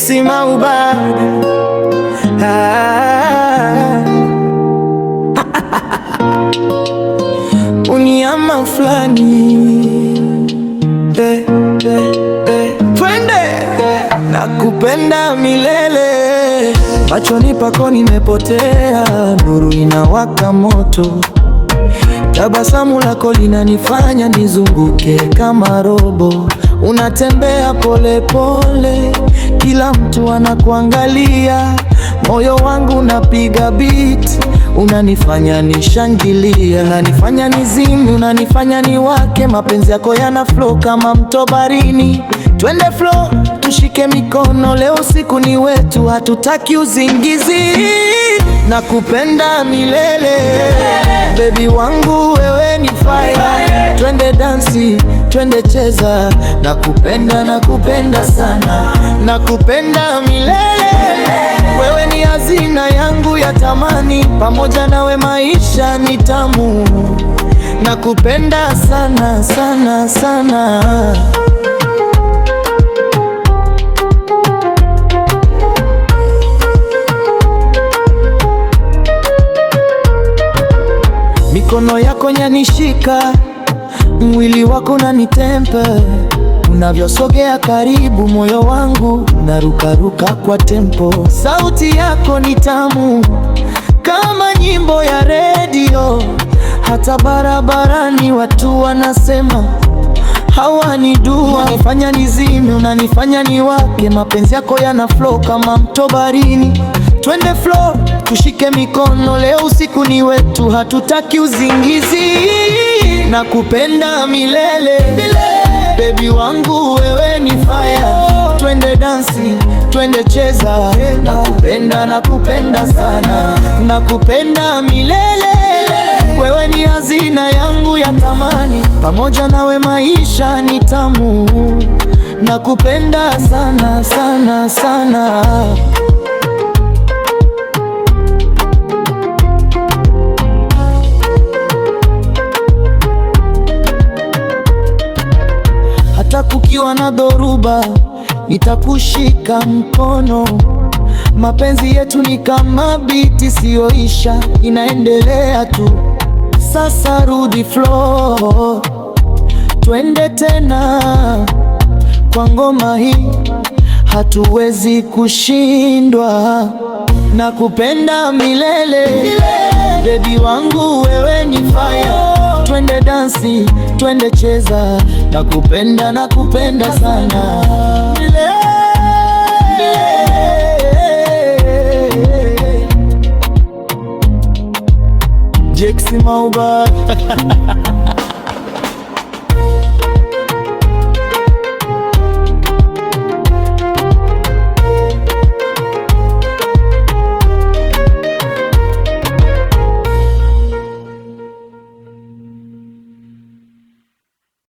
si maubada ah. Uniama fulani eh, eh, eh. twende na kupenda milele Machoni pako nimepotea, nuru inawaka moto, tabasamu lako linanifanya nizunguke kama robo unatembea polepole, kila mtu anakuangalia, moyo wangu unapiga beat, unanifanya nishangilia, unanifanya nizimi, unanifanya niwake, mapenzi yako yana flow kama mto barini. Twende flow, tushike mikono leo, siku ni wetu, hatutaki uzingizi na kupenda milele, bebi wangu wewe ni fire, twende dansi, twende cheza, na kupenda na kupenda sana, na kupenda milele, wewe ni hazina yangu ya tamani, pamoja nawe maisha ni tamu, na kupenda sana sana sana. Mikono yako nyanishika, mwili wako unanitembe, unavyosogea karibu, moyo wangu unarukaruka kwa tempo. Sauti yako ni tamu kama nyimbo ya redio, hata barabarani watu wanasema hawanijua. Unanifanya nizime, unanifanya niwake, mapenzi yako yana flow kama mto twende flow, tushike mikono leo, usiku ni wetu, hatutaki uzingizi na kupenda milele, milele. Baby wangu wewe ni fire, twende dansi, twende cheza, na kupenda na kupenda sana, na kupenda milele wewe ni hazina yangu ya thamani, pamoja nawe maisha ni tamu, nakupenda sana sana sana. hata kukiwa na dhoruba, nitakushika mkono. Mapenzi yetu ni kama biti, siyoisha, inaendelea tu. Sasa rudi floor, twende tena kwa ngoma hii, hatuwezi kushindwa na kupenda milele, milele. wangu wewe ni fire dansi, twende cheza, nakupenda nakupenda sana Mile. Mile. Mile. Mile.